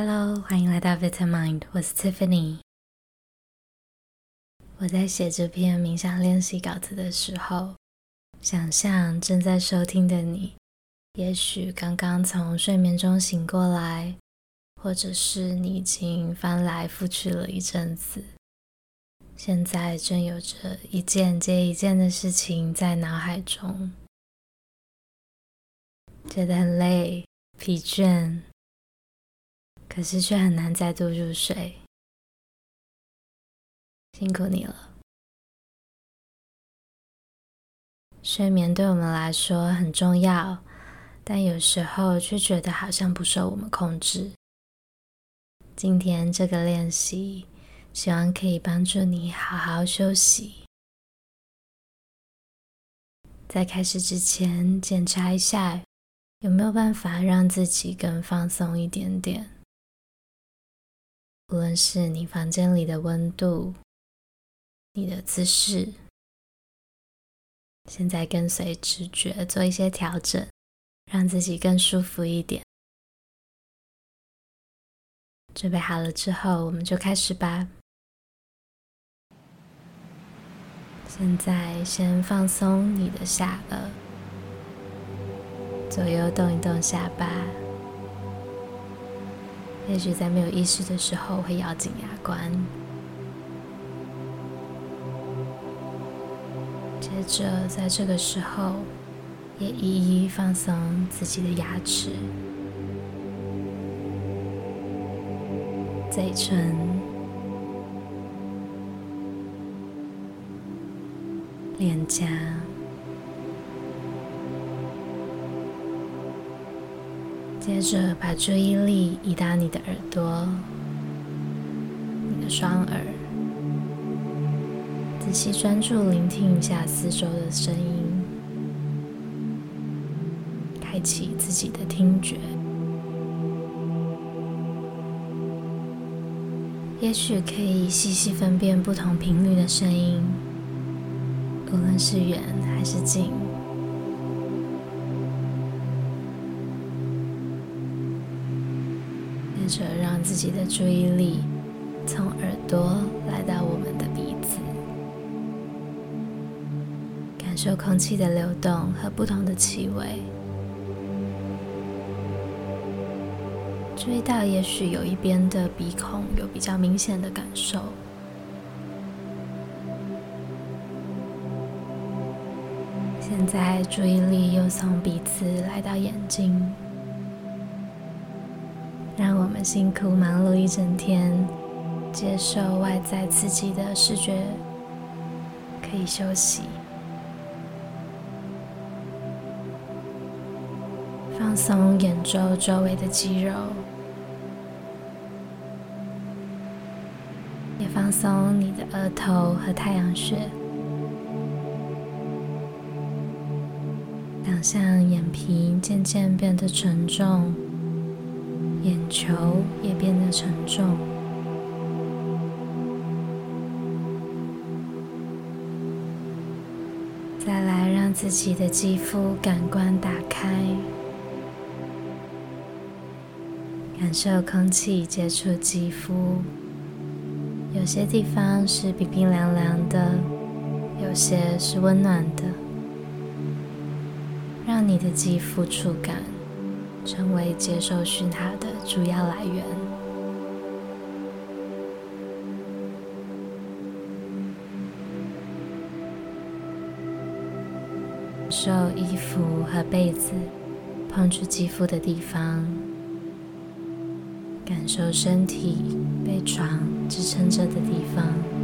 Hello，歡迎來到 Vitamind，我是 Tiffany。我在寫這篇冥想練習稿子的時候，想象正在收聽的你，也許剛剛從睡眠中醒過來，或者是你已經翻來覆去了一陣子，現在正有着一件接一件的事情在腦海中，覺得很累、疲倦。可是卻很難再度入睡，辛苦你了。睡眠對我們來說很重要，但有時候卻覺得好像不受我們控制。今天這個練習，希望可以幫助你好好休息。在開始之前，檢查一下有沒有辦法讓自己更放鬆一點點。無論是你房間裡的溫度、你的姿勢，現在跟隨直覺做一些調整，讓自己更舒服一點。準備好了之後，我們就開始吧。現在先放鬆你的下顎，左右動一動下巴。也許在沒有意識的時候會咬緊牙關，接着在這個時候也一一放鬆自己的牙齒、嘴唇、臉頰。接着，把注意力移到你的耳朵，你的雙耳，仔細專注聆聽一下四周的聲音，開啟自己的聽覺。也許可以細細分辨不同頻率的聲音，無論是遠還是近。或者讓自己的注意力從耳朵來到我們的鼻子，感受空氣的流動和不同的氣味。注意到也許有一邊的鼻孔有比較明顯的感受。現在注意力又從鼻子來到眼睛。辛苦忙碌一整天，接受外在刺激的視覺，可以休息，放鬆眼周周圍的肌肉，也放鬆你的額頭和太陽穴，想像眼皮漸漸變得沉重。眼球也變得沉重。再來，讓自己的肌膚感官打開，感受空氣接觸肌膚，有些地方是冰冰涼涼的，有些是溫暖的，讓你的肌膚觸感。成為接受訊號的主要來源。感受衣服和被子碰觸肌膚的地方，感受身體被床支撐着的地方。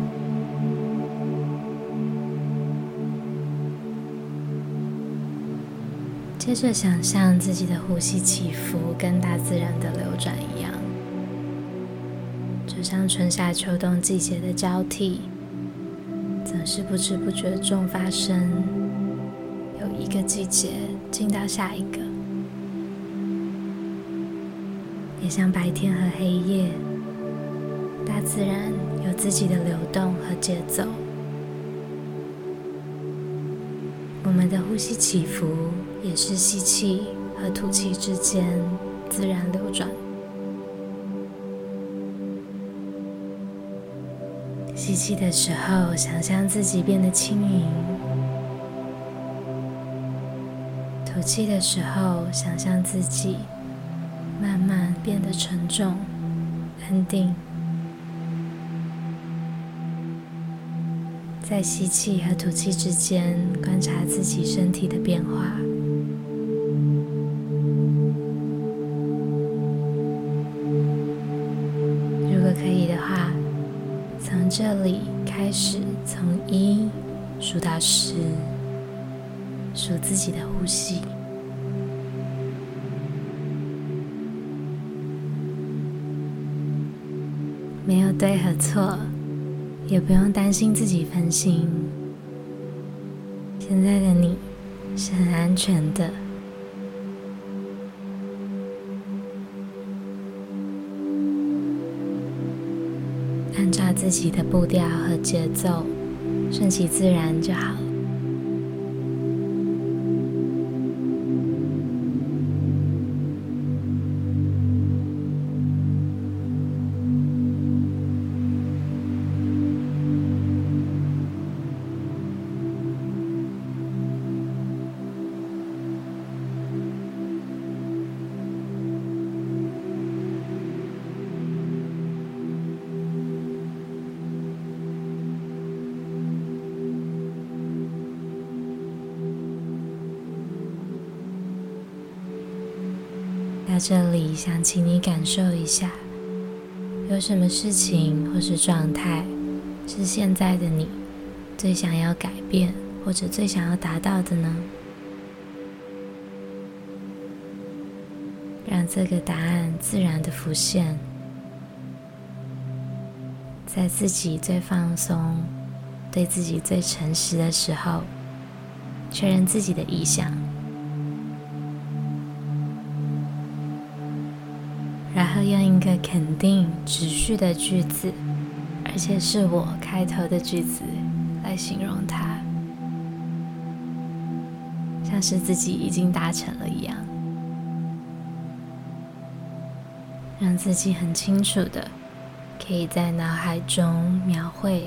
接着想象自己的呼吸起伏，跟大自然的流轉一樣，就像春夏秋冬季節的交替，總是不知不覺中發生，有一個季節進到下一個，也像白天和黑夜，大自然有自己的流動和節奏，我們的呼吸起伏。也是吸氣和吐氣之間自然流轉。吸氣的時候，想象自己變得輕盈；吐氣的時候，想象自己慢慢變得沉重、安定。在吸氣和吐氣之間，觀察自己身體的變化。這裡開始從一數到十，數自己的呼吸。沒有對和錯，也不用擔心自己分心。現在的你是很安全的。自己的步調和節奏，順其自然就好。這裡想請你感受一下，有什麼事情或是狀態，是現在的你最想要改變或者最想要達到的呢？讓這個答案自然的浮現，在自己最放鬆、對自己最誠實的時候，確認自己的意向。然後用一個肯定、持續的句子，而且是我開頭的句子來形容它，像是自己已經達成了一樣，讓自己很清楚的可以在腦海中描繪，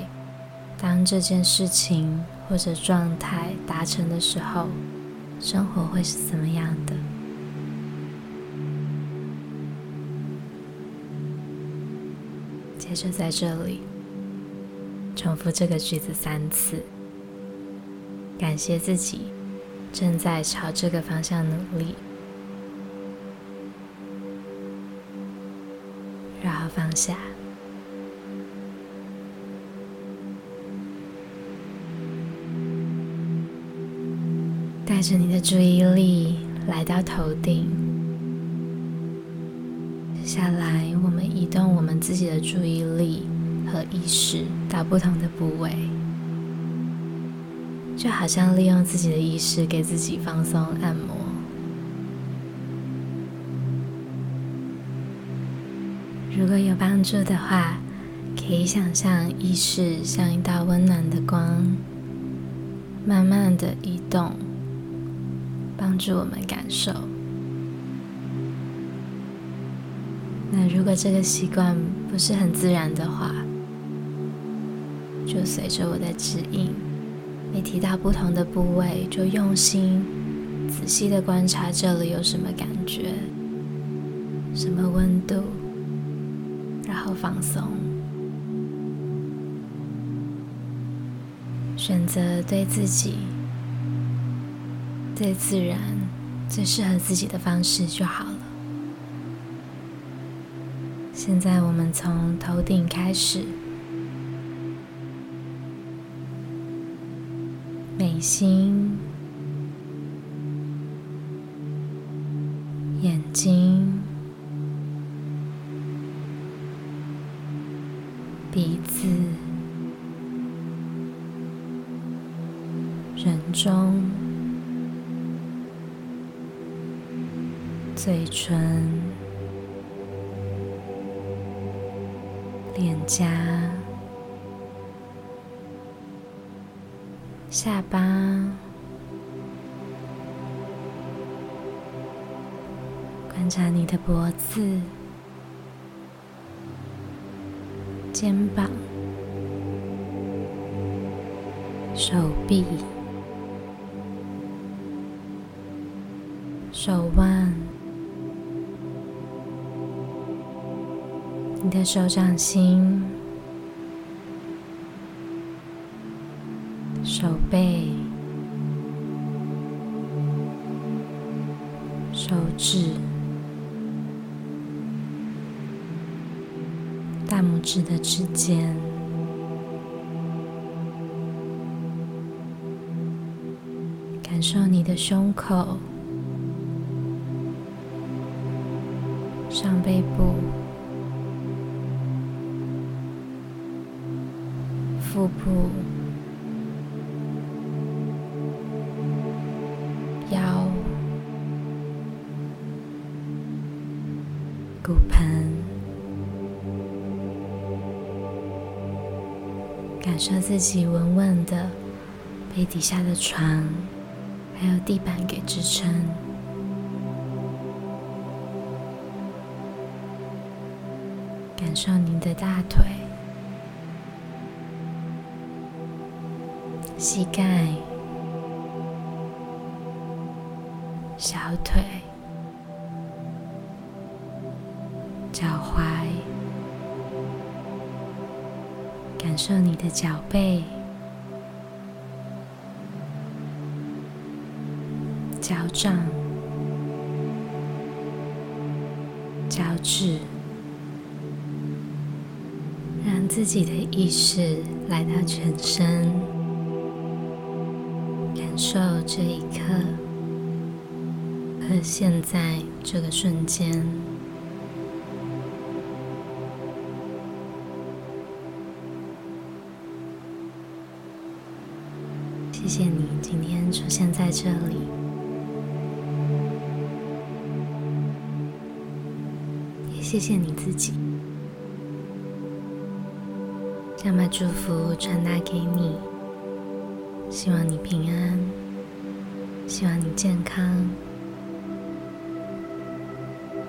當這件事情或者狀態達成的時候，生活會是怎麼樣的。接着在這裡重複這個句子三次，感謝自己正在朝這個方向努力，然後放下。帶着你的注意力來到頭頂，接下來。移動我們自己的注意力和意識到不同的部位，就好像利用自己的意識給自己放鬆按摩。如果有幫助的話，可以想象意識像一道溫暖的光，慢慢的移動，幫助我們感受。那如果這個習慣不是很自然的話，就隨着我的指引，你提到不同的部位，就用心仔細的觀察這裡有什麼感覺，什麼溫度，然後放鬆，選擇對自己最自然、最適合自己的方式就好了。現在我們從頭頂開始，眉心、眼睛、鼻子、人中、嘴唇。頰、下巴，觀察你的脖子、肩膀、手臂、手腕。你的手掌心、手背、手指、大拇指的指尖，感受你的胸口、上背部。腹部、腰、骨盆，感受自己穩穩的被底下的床還有地板給支撐，感受您的大腿。膝蓋、小腿、腳踝，感受你的腳背、腳掌、腳趾，讓自己的意識來到全身。受這一刻和現在這個瞬間，謝謝你今天出現在這裡，也謝謝你自己，想把祝福傳達給你。希望你平安，希望你健康，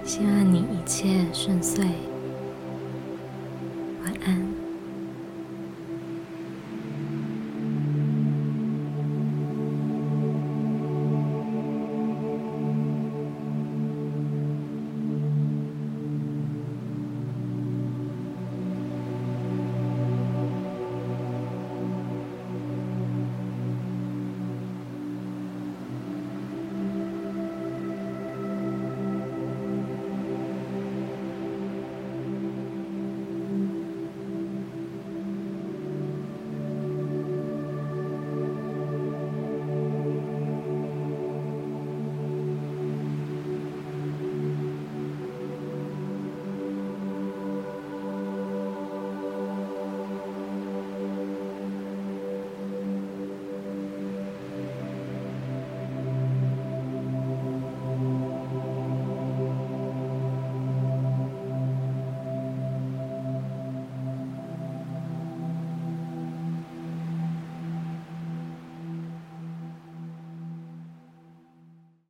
希望你一切順遂。